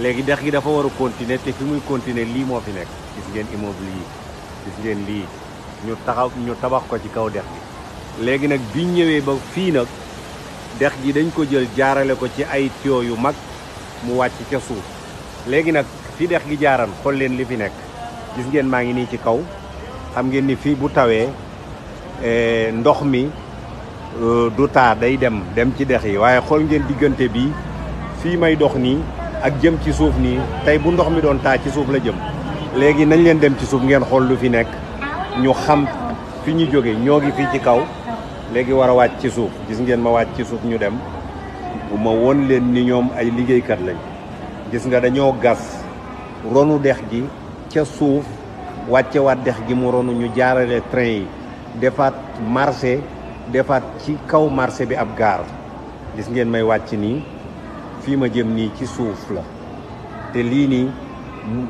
léegi dex gi dafa war a continuer te fi muy continuer lii moo fi nekk gis ngeen immeuble yi gis ngeen lii ñu taxaw ñu tabax ko ci kaw dex gi léegi nag bi ñëwee ba fii nag dex gi dañ ko jël jaarale ko ci ay tuyau yu mag mu wàcc ca suuf léegi nag fi dex gi jaaral xool leen li fi nekk gis ngeen maa ngi nii ci kaw xam ngeen ni fii bu tawee eh, ndox mi euh, du taa day dem dem ci dex yi waaye xool ngeen diggante bi fii may dox nii ak jëm ci suuf nii tey bu ndox mi doon taa ci suuf la jëm léegi nañ leen dem ci suuf ngeen xool lu fi nekk ñu xam fi ñu jóge ñoo gi fii ci kaw léegi war a wàcc ci suuf gis ngeen ma wàcc ci suuf ñu dem bu ma won leen ni ñoom ay liggéeykat lañ gis nga dañoo gas ronu dex gi ca suuf wàccewaat dex gi mu ronu ñu jaarale train yi defaat marché defaat ci kaw marché bi ab gaar gis ngeen may wàcc nii fii ma jëm nii ci suuf la te lii nii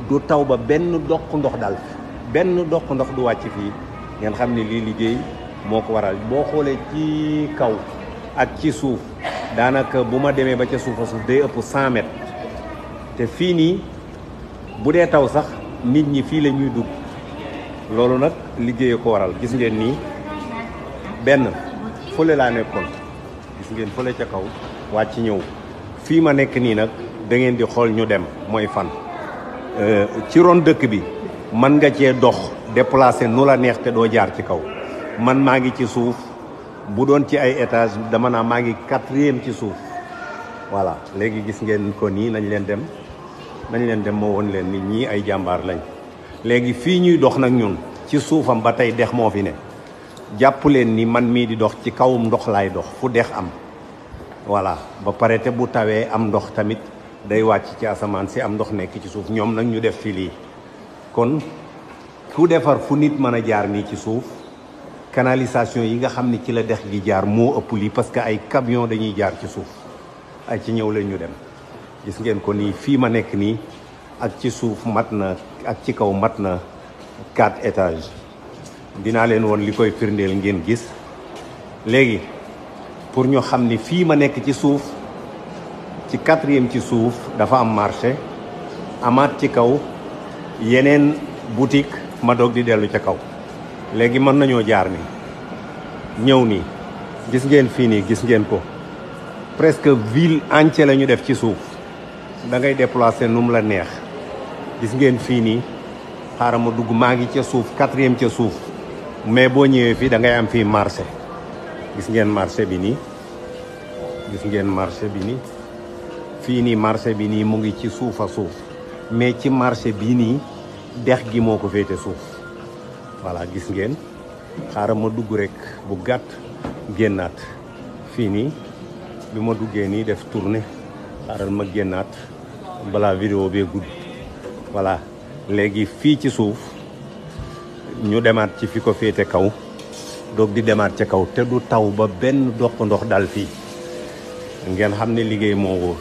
du taw ba benn doq ndox dal benn doq ndox du wàcc fii ngeen xam ne lii liggéey moo ko waral boo xoolee ci kaw ak ci suuf daanaka bu ma demee ba ca suufa suuf day ëpp 100 mètres te fii nii bu dee taw sax nit ñi fii lañuy dugg loolu nag liggéey ko waral gis ngeen nii benn fole laa nekkoon gis ngeen fële ca kaw wàcc ñëw fii ma nekk nii nag da ngeen di xool ñu dem mooy fan. Euh, ci ron dëkk bi man nga cee dox déplacé nu la neex te doo jaar ci kaw man maa ngi ci suuf bu doon ci ay étage dama naa maa ngi quatrième ci suuf voilà léegi gis ngeen ko nii nañ leen dem nañ leen dem moo woon leen nit ñii ay jàmbaar lañ léegi fii ñuy dox nag ñun ci suufam ba tey dex moo fi ne jàpp leen ni man mii di dox ci kawum ndox laay dox fu dex am. voilà ba pare te bu tawee am ndox tamit day wàcc ci asamaan si am ndox nekk ci suuf ñoom nag ñu def fi lii kon ku defar fu nit mën a jaar nii ci suuf canalisation yi nga xam ni ci la dex gi jaar moo ëpp lii parce que ay camion dañuy jaar ci suuf ay ci ñëw leen ñu dem gis ngeen ko nii fii ma nekk nii ak ci suuf mat na ak ci kaw mat na quatre étages dinaa leen woon li koy firndeel ngeen gis léegi pour ñu xam ni fii ma nek ci souf ci 4e ci souf dafa am marché amat ci kaw yenen boutique ma dog di delu ci kaw léegi man nañu jaar ni ñew ni gis ngeen fi ni gis ngeen ko presque ville entière lañu def ci souf da ngay déplacer num la neex gis ngeen fi ni xaaral ma dugg maa ngi ca suuf quatrième ca mais bo ñewé fi da ngay am fi marché gis ngeen marché bi ni gis ngeen marché bi ni fii nii marché bi nii mu ngi ci suufa suuf mais ci marché bi nii dex gi moo ko féete suuf voilà gis ngeen xaaral ma dugg rek bu gàtt génnaat fii nii bi ma duggee nii def xaaral ma génnaat balaa vidéo bee gudd voilà léegi fii ci suuf ñu demaat ci fi ko féete kaw doog di demaat ca kaw te du taw ba benn doq ndox dal fii ngeen xam ne liggéey moo wóor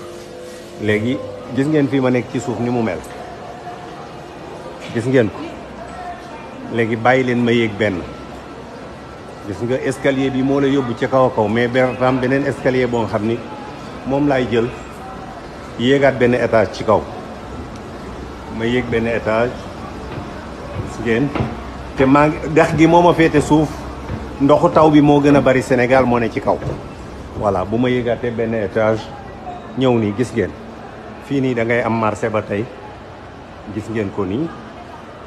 léegi gis ngeen fii ma nekk ci suuf ni mu mel gis ngeen ko léegi bàyyi leen ma yéeg benn gis nga escalier bi moo la yóbbu ci kaw a kaw mais beneen escalier boo xam ni moom laay jël yéegaat benn étage ci kaw ma yéeg benn étage gis ngeen te maa ngi dex gi moo ma féete suuf ndoxu taw bi moo gën a bari Sénégal moo ne ci kaw voilà bu ma yëgaatee benn étage ñëw nii gis ngeen fii nii da ngay am marché ba tey gis ngeen ko nii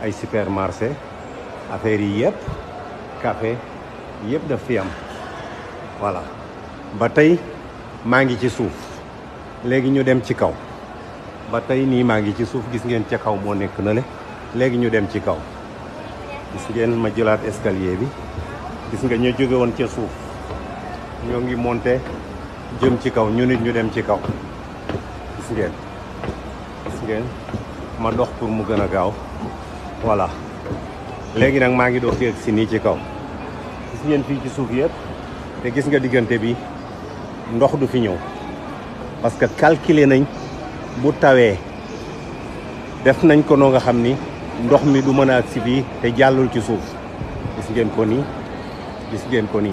ay supermarché affaire yi yëpp café yëpp daf fi am voilà ba tey maa ngi ci suuf léegi ñu dem ci kaw ba tey nii maa ngi ci suuf gis ngeen ca kaw moo nekk na le léegi ñu dem ci kaw gis ngeen ma jëlaat escalier bi gis nga ñoo jóge woon ca suuf ñoo ngi monter jëm ci kaw ñu nit ñu dem ci kaw gis ngeen ma dox pour mu gën a gaaw voilà léegi nag maa ngi dox ci si nii ci kaw gis ngeen fii ci suuf yëpp te gis nga diggante bi ndox du fi ñëw parce que calculer nañ bu tawee def nañ ko noo nga xam ni ndox mi du mën a agsi fii te jàllul ci suuf gis ngeen ko nii gis ngeen ko ni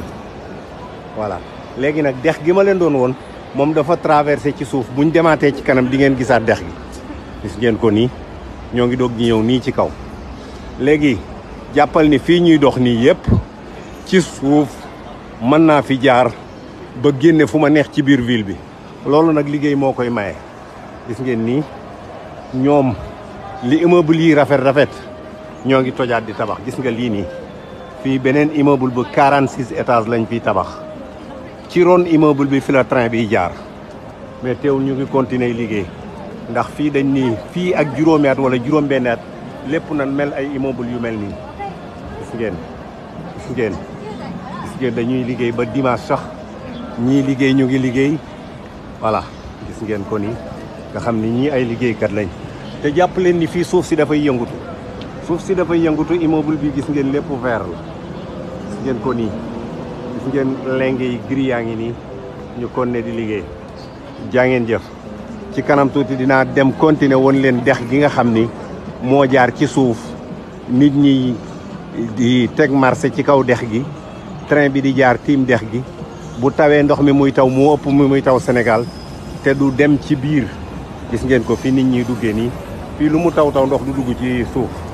voilà légui nak dex gi ma len doon won mom dafa traversé ci souf buñu dématé ci kanam di ngeen gisaat dex gi gis ngeen ko ni ñoo ngi dog gi ñew ni ci kaw légui jappal ni fi ñuy dox ni yépp ci souf man na fi jaar ba génne fu ma neex ci biir ville bi loolu nak liggéey mo koy maye gis ngeen ni ñoom li immeuble yi rafet rafet ñoo ngi tojaat di tabax gis nga lii nii fii beneen immeuble bu 46 étages lañ fiy tabax ci ron immeuble bi fi la bi biy jaar mais teewul ñu ngi continuer liggéey ndax fii dañ ni fii ak juróomi at wala juróom benn lépp nan mel ay immeuble yu mel nii gis ngeen gis ngeen gis ngeen dañuy liggéey ba dimanche sax ñii liggéey ñu ngi liggéey voilà gis ngeen ko ni nga xam ni ñii ay liggéeykat lañ te jàpp leen ni fii suuf si dafay yëngutu suuf si dafay yëngutu immeuble bi gis ngeen lépp vert la ngeen ko ni gis ngeen lengue yi gri yaa ngi nii ñu konne di liggéey jàngeen jëf ci kanam tuuti dina dem continuer won leen dex gi nga xamni mo jaar ci suuf nit ñi di tek marché ci kaw dex gi train bi di jaar tim dex gi bu tawé ndox mi muy taw moo upp mi muy taw Sénégal té du dem ci biir gis ngeen ko fi nit ñi duggé ni fi lu mu taw taw ndox du dugg ci suuf